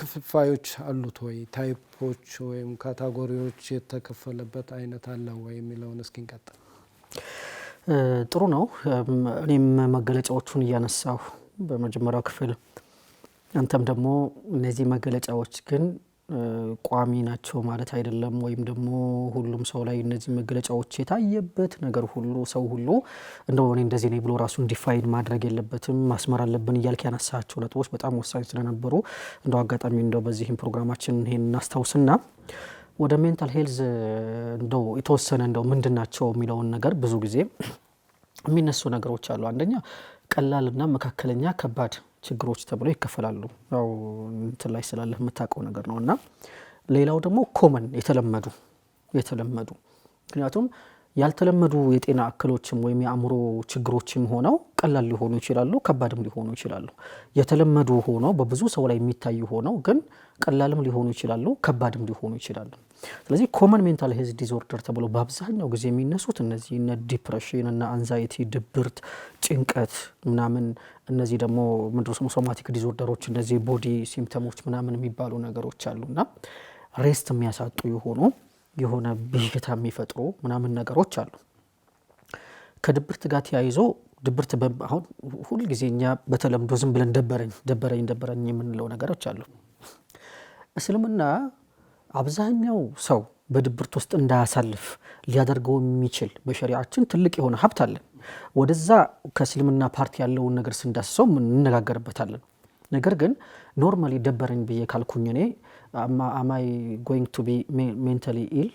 ክፍፋዮች አሉት ወይ ታይፖች ወይም ካታጎሪዎች የተከፈለበት አይነት አለ ወይ የሚለውን እስኪ ጥሩ ነው። እኔም መገለጫዎቹን እያነሳሁ በመጀመሪያው ክፍል አንተም ደግሞ እነዚህ መገለጫዎች ግን ቋሚ ናቸው ማለት አይደለም። ወይም ደግሞ ሁሉም ሰው ላይ እነዚህ መገለጫዎች የታየበት ነገር ሁሉ ሰው ሁሉ እንደው እኔ እንደዚህ ነው ብሎ ራሱን ዲፋይን ማድረግ የለበትም ማስመር አለብን እያልክ ያነሳቸው ነጥቦች በጣም ወሳኝ ስለነበሩ እንደው አጋጣሚ እንደው በዚህም ፕሮግራማችን ይሄን እናስታውስና ወደ ሜንታል ሄልዝ እንደው የተወሰነ እንደው ምንድን ናቸው የሚለውን ነገር ብዙ ጊዜ የሚነሱ ነገሮች አሉ። አንደኛ ቀላልና መካከለኛ ከባድ ችግሮች ተብሎ ይከፈላሉ። ያው እንትን ላይ ስላለህ የምታውቀው ነገር ነው እና ሌላው ደግሞ ኮመን የተለመዱ የተለመዱ ምክንያቱም ያልተለመዱ የጤና እክሎችም ወይም የአእምሮ ችግሮችም ሆነው ቀላል ሊሆኑ ይችላሉ፣ ከባድም ሊሆኑ ይችላሉ። የተለመዱ ሆነው በብዙ ሰው ላይ የሚታዩ ሆነው ግን ቀላልም ሊሆኑ ይችላሉ፣ ከባድም ሊሆኑ ይችላሉ። ስለዚህ ኮመን ሜንታል ሄልዝ ዲስኦርደር ተብሎ በአብዛኛው ጊዜ የሚነሱት እነዚህ እነ ዲፕሬሽን እና አንዛይቲ፣ ድብርት፣ ጭንቀት ምናምን እነዚህ ደግሞ ምንድን ነው ሶማቲክ ዲስኦርደሮች እነዚህ ቦዲ ሲምፕተሞች ምናምን የሚባሉ ነገሮች አሉና ሬስት የሚያሳጡ የሆኑ የሆነ ብዥታ የሚፈጥሩ ምናምን ነገሮች አሉ። ከድብርት ጋር ተያይዞ ድብርት አሁን ሁልጊዜ እኛ በተለምዶ ዝም ብለን ደበረኝ ደበረኝ ደበረኝ የምንለው ነገሮች አሉ። እስልምና አብዛኛው ሰው በድብርት ውስጥ እንዳያሳልፍ ሊያደርገው የሚችል በሸሪዓችን ትልቅ የሆነ ሀብት አለን። ወደዛ ከእስልምና ፓርቲ ያለውን ነገር ስንዳስሰው እንነጋገርበታለን። ነገር ግን ኖርማሊ ደበረኝ ብዬ ካልኩኝ እኔ አማይ አይ ጎይንግ ቱ ቢ ሜንታሊ ኢል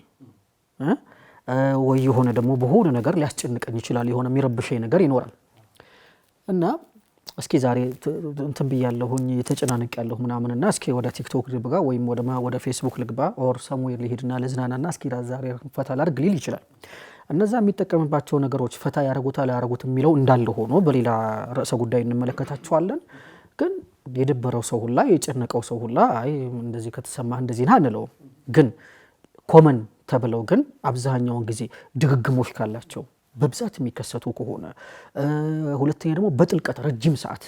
ወይ የሆነ ደግሞ በሆነ ነገር ሊያስጨንቀኝ ይችላል። የሆነ የሚረብሸኝ ነገር ይኖራል እና እስኪ ዛሬ እንትን ብያለሁኝ የተጨናነቅ ያለሁ ምናምን እና እስኪ ወደ ቲክቶክ ልግባ ወይም ወደ ፌስቡክ ልግባ ኦር ሰሙዌር ልሄድና ልዝናናና እስኪ ዛሬ ፈታ ላድርግ ሊል ይችላል። እነዛ የሚጠቀምባቸው ነገሮች ፈታ ያደረጉታል አያደረጉት የሚለው እንዳለ ሆኖ በሌላ ርዕሰ ጉዳይ እንመለከታቸዋለን። ግን የደበረው ሰው ሁላ የጨነቀው ሰው ሁላ አይ እንደዚህ ከተሰማህ እንደዚህ ና አንለውም። ግን ኮመን ተብለው ግን አብዛኛውን ጊዜ ድግግሞች ካላቸው በብዛት የሚከሰቱ ከሆነ ሁለተኛ ደግሞ በጥልቀት ረጅም ሰዓት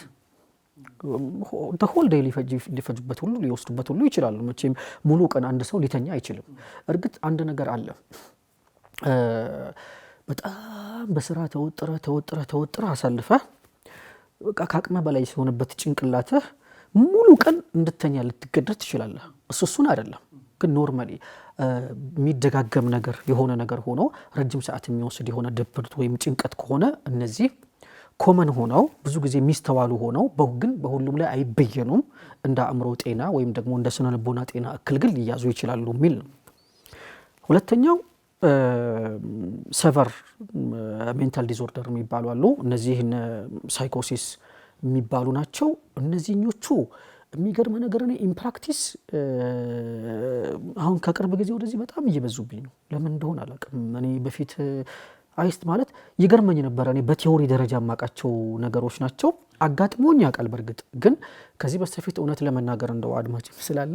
ተሆልደ ሊፈጅበት ሊፈጁበት ሁሉ ሊወስዱበት ሁሉ ይችላሉ። መቼም ሙሉ ቀን አንድ ሰው ሊተኛ አይችልም። እርግጥ አንድ ነገር አለ። በጣም በስራ ተወጥረ ተወጥረ ተወጥረ አሳልፈ በቃ ከአቅመ በላይ ሲሆንበት ጭንቅላትህ ሙሉ ቀን እንድተኛ ልትገደድ ትችላለህ። እሱ እሱን አይደለም ግን ኖርማሊ የሚደጋገም ነገር የሆነ ነገር ሆኖ ረጅም ሰዓት የሚወስድ የሆነ ድብርት ወይም ጭንቀት ከሆነ እነዚህ ኮመን ሆነው ብዙ ጊዜ የሚስተዋሉ ሆነው ግን በሁሉም ላይ አይበየኑም። እንደ አእምሮ ጤና ወይም ደግሞ እንደ ስነ ልቦና ጤና እክል ግን ሊያዙ ይችላሉ የሚል ነው። ሁለተኛው ሰቨር ሜንታል ዲዞርደር የሚባሉ አሉ። እነዚህን ሳይኮሲስ የሚባሉ ናቸው። እነዚህኞቹ የሚገርመ ነገር እኔ ኢምፕራክቲስ አሁን ከቅርብ ጊዜ ወደዚህ በጣም እየበዙብኝ ነው። ለምን እንደሆነ አላውቅም። እኔ በፊት አይስት ማለት ይገርመኝ ነበረ። እኔ በቴዎሪ ደረጃ የማውቃቸው ነገሮች ናቸው። አጋጥሞኝ ያውቃል። በእርግጥ ግን ከዚህ በስተፊት እውነት ለመናገር እንደው አድማጭም ስላለ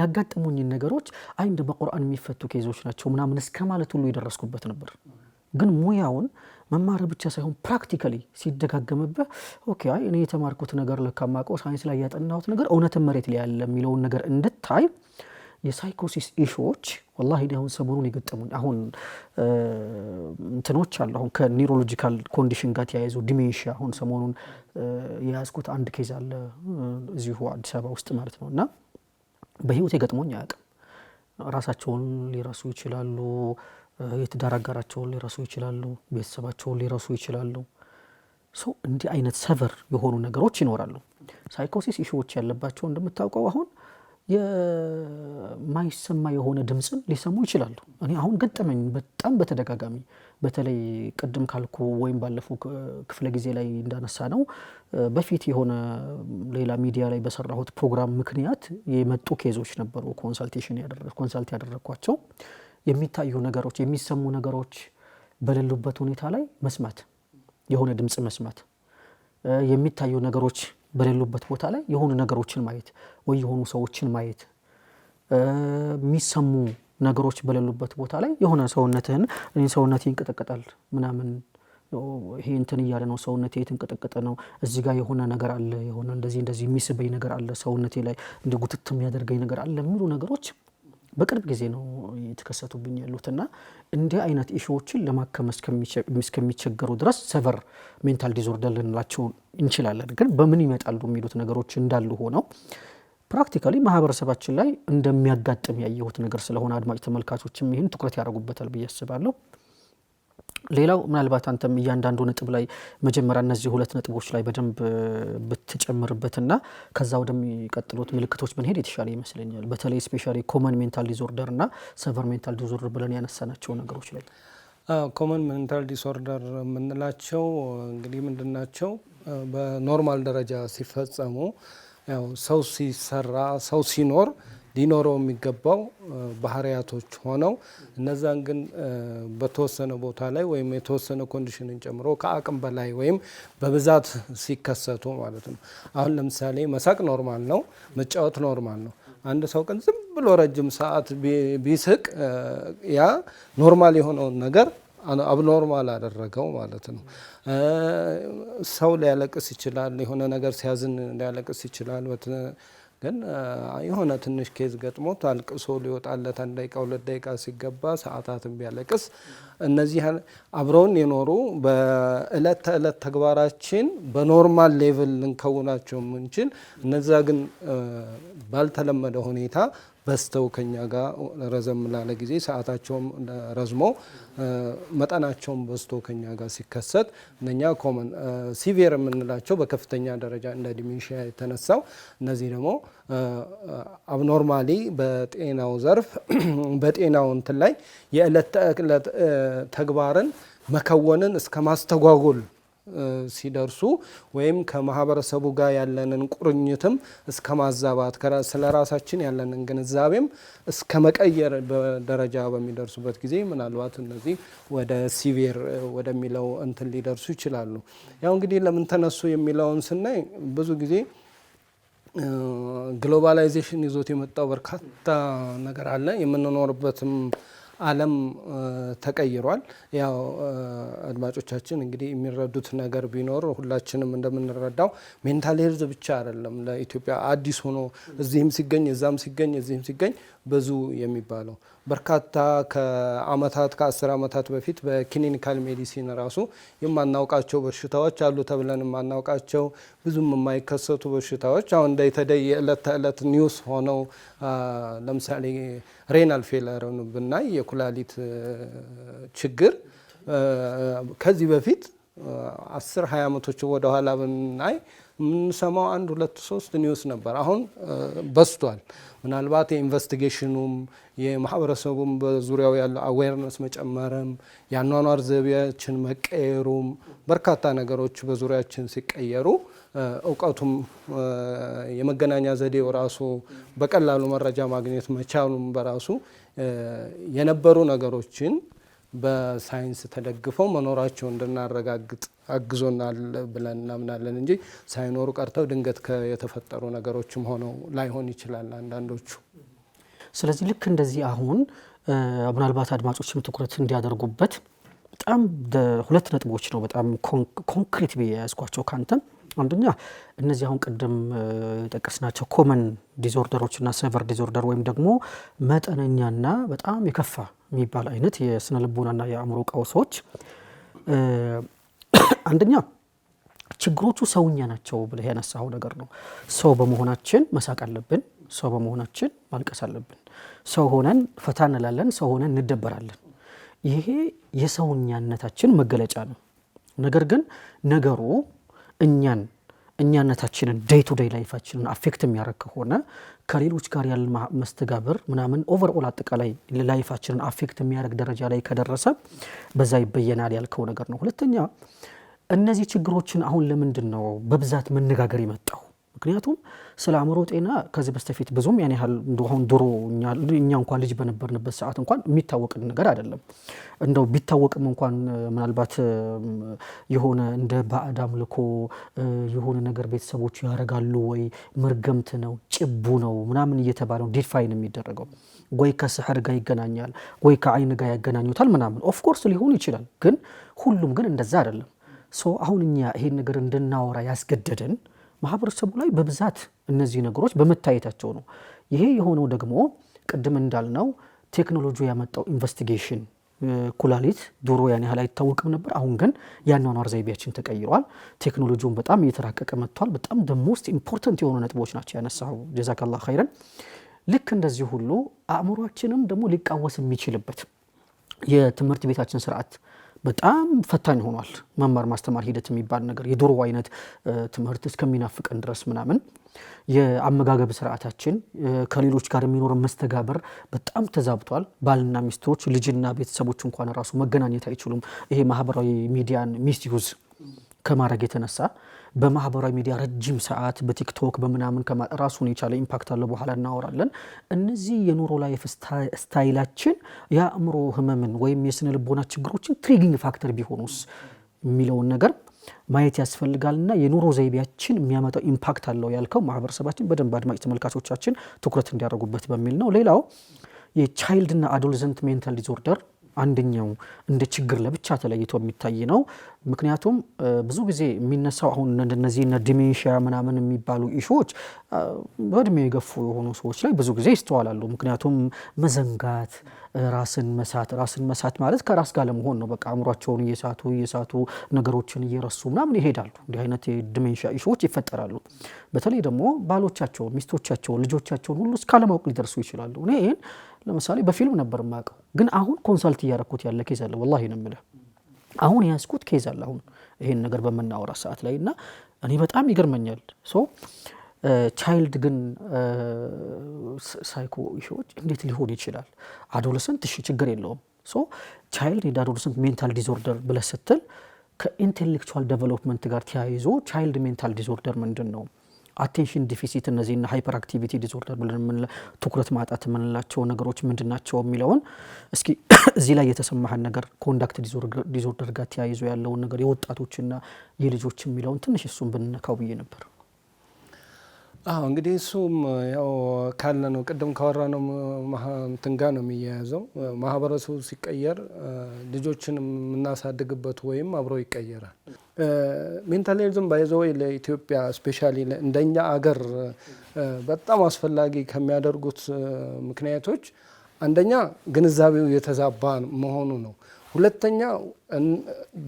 ያጋጠሙኝን ነገሮች አይ እንደ በቁርአን የሚፈቱ ኬዞች ናቸው ምናምን እስከ ማለት ሁሉ የደረስኩበት ነበር። ግን ሙያውን መማር ብቻ ሳይሆን ፕራክቲካሊ ሲደጋገምበ ኦኬ አይ እኔ የተማርኩት ነገር ለካማቀው ሳይንስ ላይ ያጠናሁት ነገር እውነትን መሬት ላይ ያለ የሚለውን ነገር እንድታይ የሳይኮሲስ ኢሹዎች ወላሂ እኔ አሁን ሰሞኑን የገጠሙኝ አሁን እንትኖች አሉ። አሁን ከኒውሮሎጂካል ኮንዲሽን ጋር ተያይዞ ዲሜንሺያ አሁን ሰሞኑን የያዝኩት አንድ ኬዝ አለ እዚሁ አዲስ አበባ ውስጥ ማለት ነው እና በህይወት የገጥሞኝ አያውቅም። ራሳቸውን ሊረሱ ይችላሉ። የትዳር አጋራቸውን ሊረሱ ይችላሉ። ቤተሰባቸውን ሊረሱ ይችላሉ። ሰው እንዲህ አይነት ሰቨር የሆኑ ነገሮች ይኖራሉ። ሳይኮሲስ ኢሹዎች ያለባቸው እንደምታውቀው አሁን የማይሰማ የሆነ ድምፅን ሊሰሙ ይችላሉ። እኔ አሁን ገጠመኝ በጣም በተደጋጋሚ በተለይ ቅድም ካልኩ ወይም ባለፈው ክፍለ ጊዜ ላይ እንዳነሳ ነው በፊት የሆነ ሌላ ሚዲያ ላይ በሰራሁት ፕሮግራም ምክንያት የመጡ ኬዞች ነበሩ። ኮንሳልቴሽን ኮንሳልት ያደረግኳቸው የሚታዩ ነገሮች የሚሰሙ ነገሮች በሌሉበት ሁኔታ ላይ መስማት የሆነ ድምፅ መስማት የሚታዩ ነገሮች በሌሉበት ቦታ ላይ የሆኑ ነገሮችን ማየት ወይ የሆኑ ሰዎችን ማየት የሚሰሙ ነገሮች በሌሉበት ቦታ ላይ የሆነ ሰውነትህን እኔ ሰውነቴ ይንቀጠቀጣል ምናምን ይሄ እንትን እያለ ነው ሰውነቴ የተንቀጠቀጠ ነው። እዚህ ጋር የሆነ ነገር አለ የሆነ እንደዚህ እንደዚህ የሚስበኝ ነገር አለ ሰውነቴ ላይ እንደ ጉትት የሚያደርገኝ ነገር አለ የሚሉ ነገሮች በቅርብ ጊዜ ነው የተከሰቱብኝ ያሉት እና እንዲህ አይነት ኢሹዎችን ለማከም እስከሚቸገሩ ድረስ ሰቨር ሜንታል ዲዞርደር ልንላቸው እንችላለን። ግን በምን ይመጣሉ የሚሉት ነገሮች እንዳሉ ሆነው ፕራክቲካሊ ማህበረሰባችን ላይ እንደሚያጋጥም ያየሁት ነገር ስለሆነ አድማጭ ተመልካቾችም ይህን ትኩረት ያደርጉበታል ብዬ አስባለሁ። ሌላው ምናልባት አንተም እያንዳንዱ ነጥብ ላይ መጀመሪያ እነዚህ ሁለት ነጥቦች ላይ በደንብ ብትጨምርበትና ከዛ ወደሚቀጥሉት ምልክቶች ብንሄድ የተሻለ ይመስለኛል። በተለይ ስፔሻሊ ኮመን ሜንታል ዲዞርደር እና ሰቨር ሜንታል ዲስኦርደር ብለን ያነሳናቸው ነገሮች ላይ ኮመን ሜንታል ዲስኦርደር የምንላቸው እንግዲህ ምንድናቸው? በኖርማል ደረጃ ሲፈጸሙ ያው ሰው ሲሰራ ሰው ሲኖር ሊኖረው የሚገባው ባህሪያቶች ሆነው እነዛን ግን በተወሰነ ቦታ ላይ ወይም የተወሰነ ኮንዲሽንን ጨምሮ ከአቅም በላይ ወይም በብዛት ሲከሰቱ ማለት ነው። አሁን ለምሳሌ መሳቅ ኖርማል ነው፣ መጫወት ኖርማል ነው። አንድ ሰው ግን ዝም ብሎ ረጅም ሰዓት ቢስቅ ያ ኖርማል የሆነውን ነገር አብኖርማል አደረገው ማለት ነው። ሰው ሊያለቅስ ይችላል፣ የሆነ ነገር ሲያዝን ሊያለቅስ ይችላል። ግን የሆነ ትንሽ ኬዝ ገጥሞት አልቅሶ ሊወጣለት አንድ ደቂቃ ሁለት ደቂቃ ሲገባ ሰዓታትን ቢያለቅስ እነዚህ አብረውን የኖሩ በእለት ተእለት ተግባራችን በኖርማል ሌቭል ልንከውናቸው ምንችል እነዛ ግን ባልተለመደ ሁኔታ በስተው ከኛ ጋር ረዘም ላለ ጊዜ ሰዓታቸውም ረዝሞ መጠናቸውም በስቶ ከኛ ጋር ሲከሰት እነኛ ኮመን ሲቪየር የምንላቸው በከፍተኛ ደረጃ እንደ ዲሚንሽያ የተነሳው እነዚህ ደግሞ አብኖርማሊ በጤናው ዘርፍ በጤናው እንትን ላይ የዕለት ተዕለት ተግባርን መከወንን እስከ ማስተጓጎል ሲደርሱ ወይም ከማህበረሰቡ ጋር ያለንን ቁርኝትም እስከ ማዛባት ስለ ራሳችን ያለንን ግንዛቤም እስከ መቀየር ደረጃ በሚደርሱበት ጊዜ ምናልባት እነዚህ ወደ ሲቪር ወደሚለው እንትን ሊደርሱ ይችላሉ። ያው እንግዲህ ለምን ተነሱ የሚለውን ስናይ ብዙ ጊዜ ግሎባላይዜሽን ይዞት የመጣው በርካታ ነገር አለ የምንኖርበትም ዓለም ተቀይሯል። ያው አድማጮቻችን እንግዲህ የሚረዱት ነገር ቢኖር ሁላችንም እንደምንረዳው ሜንታል ሄልዝ ብቻ አይደለም ለኢትዮጵያ አዲስ ሆኖ እዚህም ሲገኝ እዛም ሲገኝ እዚህም ሲገኝ ብዙ የሚባለው በርካታ ከአመታት ከአስር አመታት በፊት በክሊኒካል ሜዲሲን ራሱ የማናውቃቸው በሽታዎች አሉ ተብለን የማናውቃቸው ብዙም የማይከሰቱ በሽታዎች አሁን እንደተለየ የዕለት ተዕለት ኒውስ ሆነው ለምሳሌ ሬናል ፌለርን ብናይ የኩላሊት ችግር ከዚህ በፊት አስር ሀያ ዓመቶች ወደኋላ ብናይ የምንሰማው አንድ ሁለት ሶስት ኒውስ ነበር። አሁን በስቷል። ምናልባት የኢንቨስቲጌሽኑም የማህበረሰቡም በዙሪያው ያለው አዌርነስ መጨመርም የአኗኗር ዘይቤያችን መቀየሩም በርካታ ነገሮች በዙሪያችን ሲቀየሩ እውቀቱም የመገናኛ ዘዴው ራሱ በቀላሉ መረጃ ማግኘት መቻሉም በራሱ የነበሩ ነገሮችን በሳይንስ ተደግፈው መኖራቸው እንድናረጋግጥ አግዞናል ብለን እናምናለን እንጂ ሳይኖሩ ቀርተው ድንገት የተፈጠሩ ነገሮችም ሆነው ላይሆን ይችላል አንዳንዶቹ። ስለዚህ ልክ እንደዚህ አሁን ምናልባት አድማጮችም ትኩረት እንዲያደርጉበት በጣም ሁለት ነጥቦች ነው በጣም ኮንክሪት ብዬ ያዝኳቸው ከአንተም አንደኛ እነዚህ አሁን ቅድም የጠቀስናቸው ኮመን ዲዞርደሮችና ሰቨር ዲዞርደር ወይም ደግሞ መጠነኛና በጣም የከፋ የሚባል አይነት የስነ ልቦናና የአእምሮ ቀውሶች አንደኛ ችግሮቹ ሰውኛ ናቸው ብለህ ያነሳው ነገር ነው። ሰው በመሆናችን መሳቅ አለብን። ሰው በመሆናችን ማልቀስ አለብን። ሰው ሆነን ፈታ እንላለን። ሰው ሆነን እንደበራለን። ይሄ የሰውኛነታችን መገለጫ ነው። ነገር ግን ነገሩ እኛን እኛነታችንን ዴይ ቱ ዴይ ላይፋችንን አፌክት የሚያደርግ ከሆነ ከሌሎች ጋር ያለ መስተጋብር ምናምን ኦቨርኦል አጠቃላይ ላይፋችንን አፌክት የሚያደርግ ደረጃ ላይ ከደረሰ በዛ ይበየናል ያልከው ነገር ነው። ሁለተኛ እነዚህ ችግሮችን አሁን ለምንድን ነው በብዛት መነጋገር የመጣው? ምክንያቱም ስለ አእምሮ ጤና ከዚህ በስተፊት ብዙም ያን ያህል እንደሆን ድሮ እኛ እንኳን ልጅ በነበርንበት ሰዓት እንኳን የሚታወቅ ነገር አይደለም። እንደው ቢታወቅም እንኳን ምናልባት የሆነ እንደ ባዕድ አምልኮ የሆነ ነገር ቤተሰቦቹ ያደርጋሉ ወይ ምርገምት ነው ጭቡ ነው ምናምን እየተባለው ዲፋይን የሚደረገው ወይ ከስሕር ጋር ይገናኛል ወይ ከአይን ጋር ያገናኙታል ምናምን ኦፍኮርስ ሊሆን ይችላል። ግን ሁሉም ግን እንደዛ አይደለም። ሶ አሁን እኛ ይሄን ነገር እንድናወራ ያስገደደን ማህበረሰቡ ላይ በብዛት እነዚህ ነገሮች በመታየታቸው ነው። ይሄ የሆነው ደግሞ ቅድም እንዳልነው ቴክኖሎጂ ያመጣው ኢንቨስቲጌሽን ኩላሊት ዶሮ ያን ያህል አይታወቅም ነበር። አሁን ግን የአኗኗር ዘይቤያችን ተቀይሯል። ቴክኖሎጂውን በጣም እየተራቀቀ መጥቷል። በጣም ደ ሞስት ኢምፖርተንት የሆኑ ነጥቦች ናቸው ያነሳው። ጀዛከላ ኸይረን። ልክ እንደዚህ ሁሉ አእምሯችንም ደግሞ ሊቃወስ የሚችልበት የትምህርት ቤታችን ስርዓት በጣም ፈታኝ ሆኗል። መማር ማስተማር ሂደት የሚባል ነገር የድሮ አይነት ትምህርት እስከሚናፍቀን ድረስ ምናምን የአመጋገብ ስርዓታችን ከሌሎች ጋር የሚኖረን መስተጋበር በጣም ተዛብቷል። ባልና ሚስቶች፣ ልጅና ቤተሰቦች እንኳን ራሱ መገናኘት አይችሉም። ይሄ ማህበራዊ ሚዲያን ሚስዩዝ ከማድረግ የተነሳ በማህበራዊ ሚዲያ ረጅም ሰዓት በቲክቶክ በምናምን ራሱን የቻለ ኢምፓክት አለ። በኋላ እናወራለን። እነዚህ የኑሮ ላይፍ ስታይላችን የአእምሮ ህመምን ወይም የስነ ልቦና ችግሮችን ትሪጊንግ ፋክተር ቢሆኑስ የሚለውን ነገር ማየት ያስፈልጋልና የኑሮ ዘይቤያችን የሚያመጣው ኢምፓክት አለው ያልከው ማህበረሰባችን በደንብ አድማጭ ተመልካቾቻችን ትኩረት እንዲያደርጉበት በሚል ነው። ሌላው የቻይልድና አዶልዘንት ሜንታል ዲዞርደር አንደኛው እንደ ችግር ለብቻ ተለይቶ የሚታይ ነው። ምክንያቱም ብዙ ጊዜ የሚነሳው አሁን እንደነዚህ እነ ዲሜንሽያ ምናምን የሚባሉ ኢሹዎች በእድሜ የገፉ የሆኑ ሰዎች ላይ ብዙ ጊዜ ይስተዋላሉ። ምክንያቱም መዘንጋት፣ ራስን መሳት፣ ራስን መሳት ማለት ከራስ ጋር ለመሆን ነው። በቃ አእምሯቸውን እየሳቱ እየሳቱ ነገሮችን እየረሱ ምናምን ይሄዳሉ። እንዲህ አይነት የዲሜንሽያ ኢሹዎች ይፈጠራሉ። በተለይ ደግሞ ባሎቻቸውን፣ ሚስቶቻቸውን፣ ልጆቻቸውን ሁሉ እስካለማወቅ ሊደርሱ ይችላሉ። እኔ ይህን ለምሳሌ በፊልም ነበር የማውቀው፣ ግን አሁን ኮንሳልት እያረኩት ያለ ኬዝ አለ። ወላሂ ነው የምልህ አሁን የያዝኩት ኬዝ አለ። አሁን ይሄን ነገር በምናወራ ሰዓት ላይ እና እኔ በጣም ይገርመኛል። ሶ ቻይልድ ግን ሳይኮ ኢሹዎች እንዴት ሊሆን ይችላል? አዶለሰንት እሺ ችግር የለውም። ሶ ቻይልድ ኤንድ አዶለሰንት ሜንታል ዲዞርደር ብለህ ስትል ከኢንቴሌክቹዋል ዴቨሎፕመንት ጋር ተያይዞ ቻይልድ ሜንታል ዲዞርደር ምንድን ነው አቴንሽን ዲፊሲት እነዚህና ሃይፐር አክቲቪቲ ዲስኦርደር ብለን ትኩረት ማጣት የምንላቸው ነገሮች ምንድን ናቸው የሚለውን እስኪ እዚህ ላይ የተሰማህን ነገር ኮንዳክት ዲስኦርደር ጋር ተያይዞ ያለውን ነገር የወጣቶችና የልጆች የሚለውን ትንሽ እሱን ብንነካው ብዬ ነበር። አዎ እንግዲህ እሱም ያው ካለ ነው ቅድም ካወራነው እንትን ጋር ነው የሚያያዘው። ማህበረሰቡ ሲቀየር ልጆችን የምናሳድግበት ወይም አብሮ ይቀየራል። ሜንታሊዝም ባይዘወይ ለኢትዮጵያ ስፔሻሊ እንደኛ አገር በጣም አስፈላጊ ከሚያደርጉት ምክንያቶች አንደኛ ግንዛቤው የተዛባ መሆኑ ነው። ሁለተኛ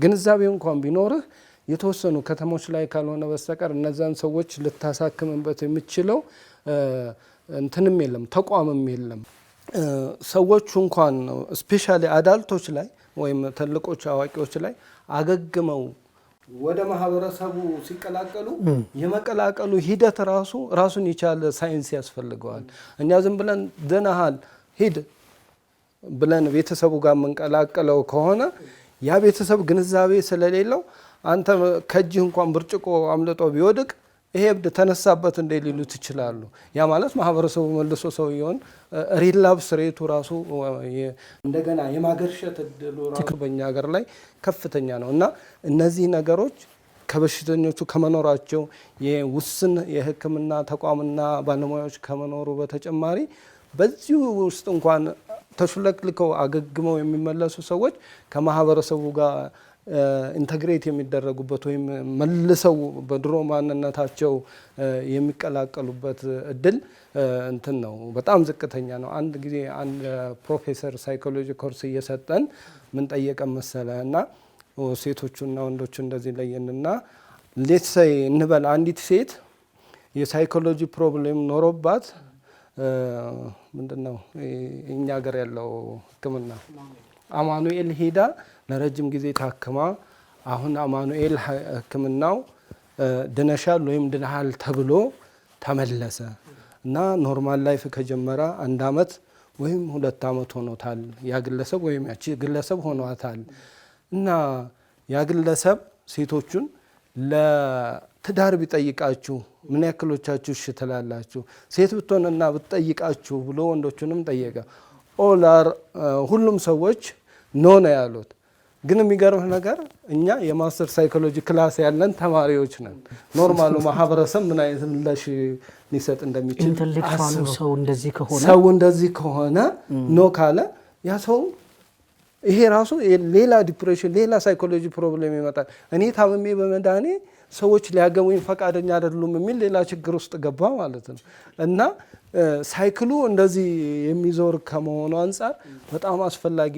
ግንዛቤው እንኳን ቢኖርህ የተወሰኑ ከተሞች ላይ ካልሆነ በስተቀር እነዛን ሰዎች ልታሳክምበት የምችለው እንትንም የለም ተቋምም የለም። ሰዎቹ እንኳን ስፔሻሊ አዳልቶች ላይ ወይም ትልቆች አዋቂዎች ላይ አገግመው ወደ ማህበረሰቡ ሲቀላቀሉ የመቀላቀሉ ሂደት ራሱ ራሱን የቻለ ሳይንስ ያስፈልገዋል። እኛ ዝም ብለን ድነሃል ሂድ ብለን ቤተሰቡ ጋር የምንቀላቀለው ከሆነ ያ ቤተሰብ ግንዛቤ ስለሌለው አንተ ከእጅህ እንኳን ብርጭቆ አምልጦ ቢወድቅ ይሄ እብድ ተነሳበት እንደ ሊሉት ይችላሉ። ያ ማለት ማህበረሰቡ መልሶ ሰውየውን ሪላፕስ ሬቱ ራሱ እንደገና የማገርሸት እድሉ ራሱ በእኛ ሀገር ላይ ከፍተኛ ነው እና እነዚህ ነገሮች ከበሽተኞቹ ከመኖራቸው የውስን የሕክምና ተቋምና ባለሙያዎች ከመኖሩ በተጨማሪ በዚሁ ውስጥ እንኳን ተሹለክልከው አገግመው የሚመለሱ ሰዎች ከማህበረሰቡ ጋር ኢንተግሬት የሚደረጉበት ወይም መልሰው በድሮ ማንነታቸው የሚቀላቀሉበት እድል እንትን ነው፣ በጣም ዝቅተኛ ነው። አንድ ጊዜ አንድ ፕሮፌሰር ሳይኮሎጂ ኮርስ እየሰጠን ምን ጠየቀ መሰለ እና ሴቶቹና ወንዶቹ እንደዚህ ለየንና ሌትሰይ እንበል አንዲት ሴት የሳይኮሎጂ ፕሮብሌም ኖሮባት ምንድን ነው እኛ ሀገር ያለው ሕክምና አማኑኤል ሄዳ ለረጅም ጊዜ ታክማ አሁን አማኑኤል ሕክምናው ድነሻል ወይም ድነሃል ተብሎ ተመለሰ እና ኖርማል ላይፍ ከጀመረ አንድ አመት ወይም ሁለት አመት ሆኖታል። ያ ግለሰብ ወይም ያቺ ግለሰብ ሆኗታል እና ያ ግለሰብ ሴቶቹን ለትዳር ቢጠይቃችሁ ምን ያክሎቻችሁ እሺ ትላላችሁ? ሴት ብትሆንና ብትጠይቃችሁ ብሎ ወንዶቹንም ጠየቀ። ኦላር ሁሉም ሰዎች ኖ ነው ያሉት። ግን የሚገርምህ ነገር እኛ የማስተር ሳይኮሎጂ ክላስ ያለን ተማሪዎች ነን። ኖርማሉ ማህበረሰብ ምን አይነት ምላሽ ሊሰጥ እንደሚችል ሰው እንደዚህ ከሆነ ኖ ካለ ያ ሰው ይሄ ራሱ ሌላ ዲፕሬሽን፣ ሌላ ሳይኮሎጂ ፕሮብሌም ይመጣል። እኔ ታምሜ በመዳኔ ሰዎች ሊያገቡኝ ፈቃደኛ አይደሉም የሚል ሌላ ችግር ውስጥ ገባ ማለት ነው። እና ሳይክሉ እንደዚህ የሚዞር ከመሆኑ አንጻር በጣም አስፈላጊ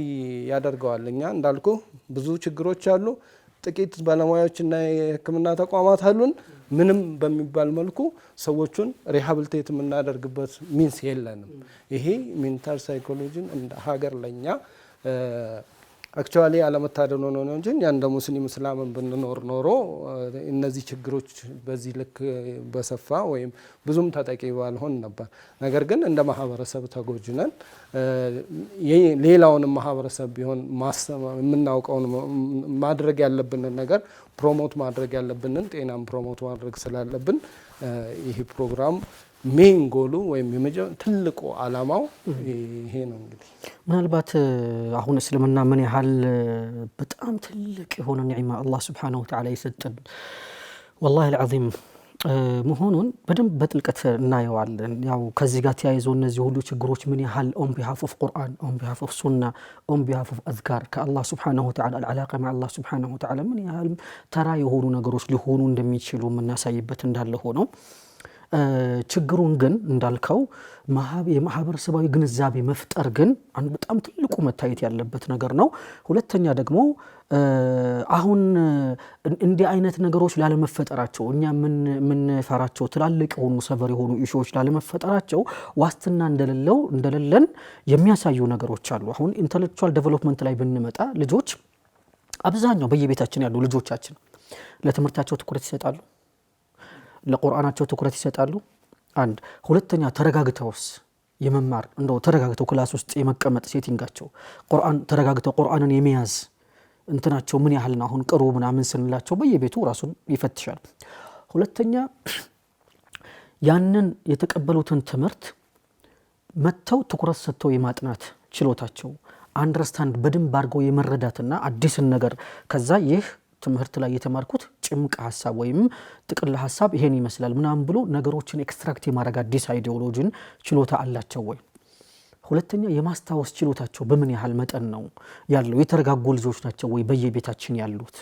ያደርገዋል። እኛ እንዳልኩ ብዙ ችግሮች አሉ። ጥቂት ባለሙያዎች እና የሕክምና ተቋማት አሉን። ምንም በሚባል መልኩ ሰዎቹን ሪሃብሊቴት የምናደርግበት ሚንስ የለንም። ይሄ ሜንታል ሳይኮሎጂን እንደ ሀገር ለኛ አክቹዋሊ አለመታደል ሆኖ ነው እንጂ እኛ እንደ ሙስሊም እስላምን ብንኖር ኖሮ እነዚህ ችግሮች በዚህ ልክ በሰፋ ወይም ብዙም ተጠቂ ባልሆን ነበር። ነገር ግን እንደ ማህበረሰብ ተጎጅነን ሌላውንም ማህበረሰብ ቢሆን የምናውቀውን ማድረግ ያለብንን ነገር ፕሮሞት ማድረግ ያለብንን ጤናን ፕሮሞት ማድረግ ስላለብን ይህ ፕሮግራም ሜን ጎሉ ወይም ትልቁ ዓላማው ይሄ ነው። እንግዲህ ምናልባት አሁን እስልምና ምን ያህል በጣም ትልቅ የሆነ ኒዕማ አላህ ስብሓነሁ ወተዓላ የሰጠን ወላሂ አልዓዚም መሆኑን በደንብ በጥልቀት እናየዋለን። ያው ከዚህ ጋር ተያይዞ እነዚህ ሁሉ ችግሮች ምን ያህል ኦን ቢሃፍ ኦፍ ቁርአን፣ ኦን ቢሃፍ ኦፍ ሱና፣ ኦን ቢሃፍ ኦፍ አዝካር ከአላህ ስብሓነሁ ወተዓላ አልዓላቃ መ አላህ ስብሓነሁ ወተዓላ ምን ያህል ተራ የሆኑ ነገሮች ሊሆኑ እንደሚችሉ የምናሳይበት እንዳለ ሆነው ችግሩን ግን እንዳልከው የማህበረሰባዊ ግንዛቤ መፍጠር ግን አንድ በጣም ትልቁ መታየት ያለበት ነገር ነው። ሁለተኛ ደግሞ አሁን እንዲህ አይነት ነገሮች ላለመፈጠራቸው እኛ የምንፈራቸው ትላልቅ የሆኑ ሰበር የሆኑ ኢሹዎች ላለመፈጠራቸው ዋስትና እንደሌለው እንደሌለን የሚያሳዩ ነገሮች አሉ። አሁን ኢንተሌክቹዋል ዴቨሎፕመንት ላይ ብንመጣ ልጆች አብዛኛው በየቤታችን ያሉ ልጆቻችን ለትምህርታቸው ትኩረት ይሰጣሉ። ለቁርአናቸው ትኩረት ይሰጣሉ? አንድ ሁለተኛ ተረጋግተውስ የመማር እንደው ተረጋግተው ክላስ ውስጥ የመቀመጥ ሴቲንጋቸው ቁርአን ተረጋግተው ቁርአንን የመያዝ እንትናቸው ምን ያህል ነው? አሁን ቅሩ ምናምን ስንላቸው በየቤቱ ራሱን ይፈትሻል። ሁለተኛ ያንን የተቀበሉትን ትምህርት መጥተው ትኩረት ሰጥተው የማጥናት ችሎታቸው አንደርስታንድ በደንብ አድርገው የመረዳትና አዲስን ነገር ከዛ ይህ ትምህርት ላይ የተማርኩት ጭምቅ ሀሳብ ወይም ጥቅል ሀሳብ ይሄን ይመስላል ምናምን ብሎ ነገሮችን ኤክስትራክት የማድረግ አዲስ አይዲዮሎጂን ችሎታ አላቸው ወይ? ሁለተኛ የማስታወስ ችሎታቸው በምን ያህል መጠን ነው ያለው? የተረጋጉ ልጆች ናቸው ወይ በየቤታችን ያሉት?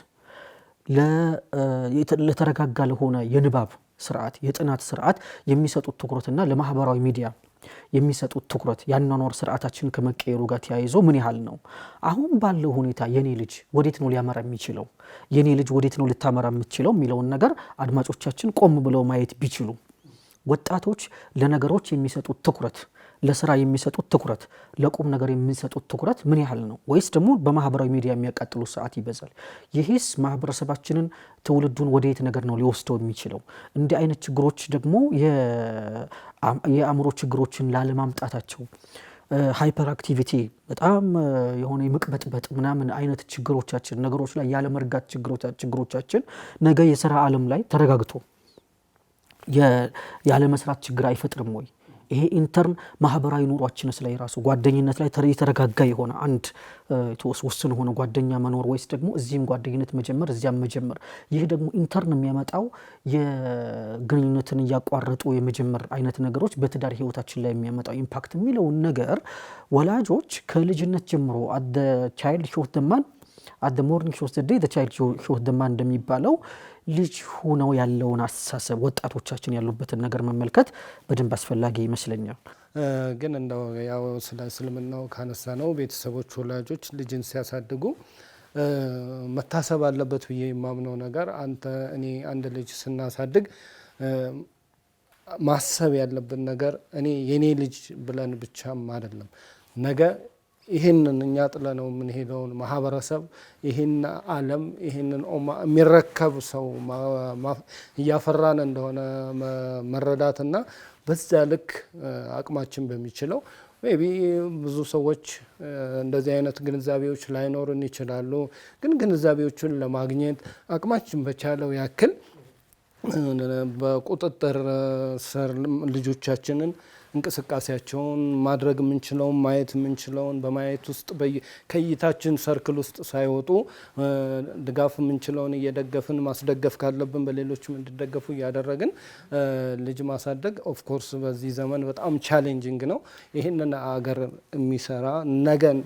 ለተረጋጋ ለሆነ የንባብ ስርዓት የጥናት ስርዓት የሚሰጡት ትኩረትና ለማህበራዊ ሚዲያ የሚሰጡት ትኩረት ያኗኗር ስርዓታችን ከመቀየሩ ጋር ተያይዞ ምን ያህል ነው? አሁን ባለው ሁኔታ የኔ ልጅ ወዴት ነው ሊያመራ የሚችለው፣ የኔ ልጅ ወዴት ነው ልታመራ የምትችለው የሚለውን ነገር አድማጮቻችን ቆም ብለው ማየት ቢችሉ ወጣቶች ለነገሮች የሚሰጡት ትኩረት ለስራ የሚሰጡት ትኩረት፣ ለቁም ነገር የሚሰጡት ትኩረት ምን ያህል ነው? ወይስ ደግሞ በማህበራዊ ሚዲያ የሚያቃጥሉ ሰዓት ይበዛል? ይህስ ማህበረሰባችንን ትውልዱን ወደየት ነገር ነው ሊወስደው የሚችለው? እንዲህ አይነት ችግሮች ደግሞ የአእምሮ ችግሮችን ላለማምጣታቸው ሃይፐር አክቲቪቲ በጣም የሆነ የመቅበጥበጥ ምናምን አይነት ችግሮቻችን ነገሮች ላይ ያለመርጋት ችግሮቻችን ነገ የስራ አለም ላይ ተረጋግቶ ያለመስራት ችግር አይፈጥርም ወይ? ይሄ ኢንተርን ማህበራዊ ኑሯችንስ ላይ ራሱ ጓደኝነት ላይ የተረጋጋ የሆነ አንድ ውስን ሆነ ጓደኛ መኖር ወይስ ደግሞ እዚህም ጓደኝነት መጀመር እዚያም መጀመር፣ ይህ ደግሞ ኢንተርን የሚያመጣው የግንኙነትን እያቋረጡ የመጀመር አይነት ነገሮች በትዳር ህይወታችን ላይ የሚያመጣው ኢምፓክት የሚለውን ነገር ወላጆች ከልጅነት ጀምሮ አደ ቻይልድ ሾት ደማን አደ ሞርኒንግ ሾት ደ ቻይልድ ሾት ደማን እንደሚባለው ልጅ ሆነው ያለውን አስተሳሰብ ወጣቶቻችን ያሉበትን ነገር መመልከት በደንብ አስፈላጊ ይመስለኛል። ግን እንደው ያው ስለ እስልምናው ካነሳ ነው ቤተሰቦች፣ ወላጆች ልጅን ሲያሳድጉ መታሰብ አለበት ብዬ የማምነው ነገር አንተ እኔ አንድ ልጅ ስናሳድግ ማሰብ ያለብን ነገር እኔ የኔ ልጅ ብለን ብቻም አይደለም ነገ ይህንን እኛ ጥለነው የምንሄደውን ማህበረሰብ ይህን አለም ይህንን የሚረከብ ሰው እያፈራን እንደሆነ መረዳትና በዚያ ልክ አቅማችን በሚችለው ቢ ብዙ ሰዎች እንደዚህ አይነት ግንዛቤዎች ላይኖርን ይችላሉ። ግን ግንዛቤዎቹን ለማግኘት አቅማችን በቻለው ያክል በቁጥጥር ስር ልጆቻችንን እንቅስቃሴያቸውን ማድረግ የምንችለውን ማየት የምንችለውን በማየት ውስጥ ከእይታችን ሰርክል ውስጥ ሳይወጡ ድጋፍ የምንችለውን እየደገፍን ማስደገፍ ካለብን በሌሎችም እንዲደገፉ እያደረግን ልጅ ማሳደግ ኦፍኮርስ በዚህ ዘመን በጣም ቻሌንጂንግ ነው። ይህንን አገር የሚሰራ ነገን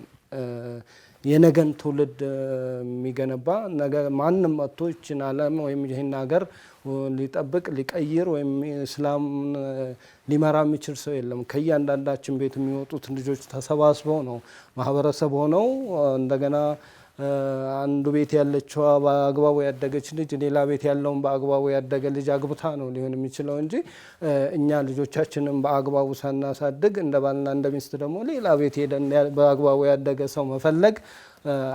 የነገን ትውልድ የሚገነባ ነገ ማንም መጥቶ ይችን ዓለም ወይም ይህን ሀገር ሊጠብቅ ሊቀይር ወይም እስላም ሊመራ የሚችል ሰው የለም። ከእያንዳንዳችን ቤት የሚወጡት ልጆች ተሰባስበው ነው ማህበረሰብ ሆነው እንደገና አንዱ ቤት ያለችዋ በአግባቡ ያደገች ልጅ ሌላ ቤት ያለውን በአግባቡ ያደገ ልጅ አግብታ ነው ሊሆን የሚችለው እንጂ እኛ ልጆቻችንን በአግባቡ ሳናሳድግ እንደ ባልና እንደ ሚስት ደግሞ ሌላ ቤት ሄደን በአግባቡ ያደገ ሰው መፈለግ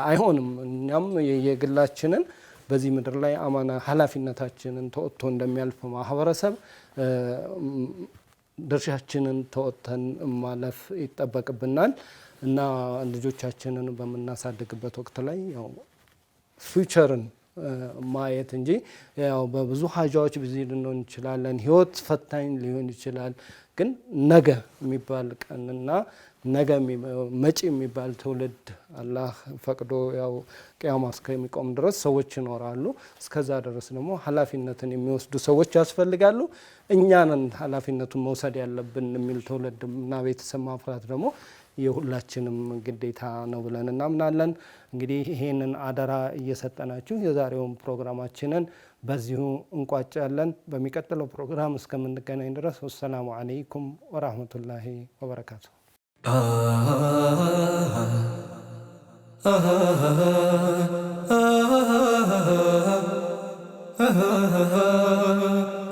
አይሆንም። እኛም የግላችንን በዚህ ምድር ላይ አማና ኃላፊነታችንን ተወጥቶ እንደሚያልፍ ማህበረሰብ ድርሻችንን ተወጥተን ማለፍ ይጠበቅብናል። እና ልጆቻችንን በምናሳድግበት ወቅት ላይ ያው ፊውቸርን ማየት እንጂ ያው በብዙ ሀጃዎች ብዙ ልንሆን እንችላለን። ህይወት ፈታኝ ሊሆን ይችላል። ግን ነገ የሚባል ቀንና ነገ መጪ የሚባል ትውልድ አላህ ፈቅዶ ያው ቅያማ እስከሚቆም ድረስ ሰዎች ይኖራሉ። እስከዛ ድረስ ደግሞ ኃላፊነትን የሚወስዱ ሰዎች ያስፈልጋሉ። እኛንን ኃላፊነቱን መውሰድ ያለብን የሚል ትውልድ እና ቤተሰብ ማፍራት ደግሞ የሁላችንም ግዴታ ነው ብለን እናምናለን። እንግዲህ ይሄንን አደራ እየሰጠናችሁ የዛሬውን ፕሮግራማችንን በዚሁ እንቋጫለን። በሚቀጥለው ፕሮግራም እስከምንገናኝ ድረስ ወሰላሙ አለይኩም ወራህመቱላሂ ወበረካቱ። Ah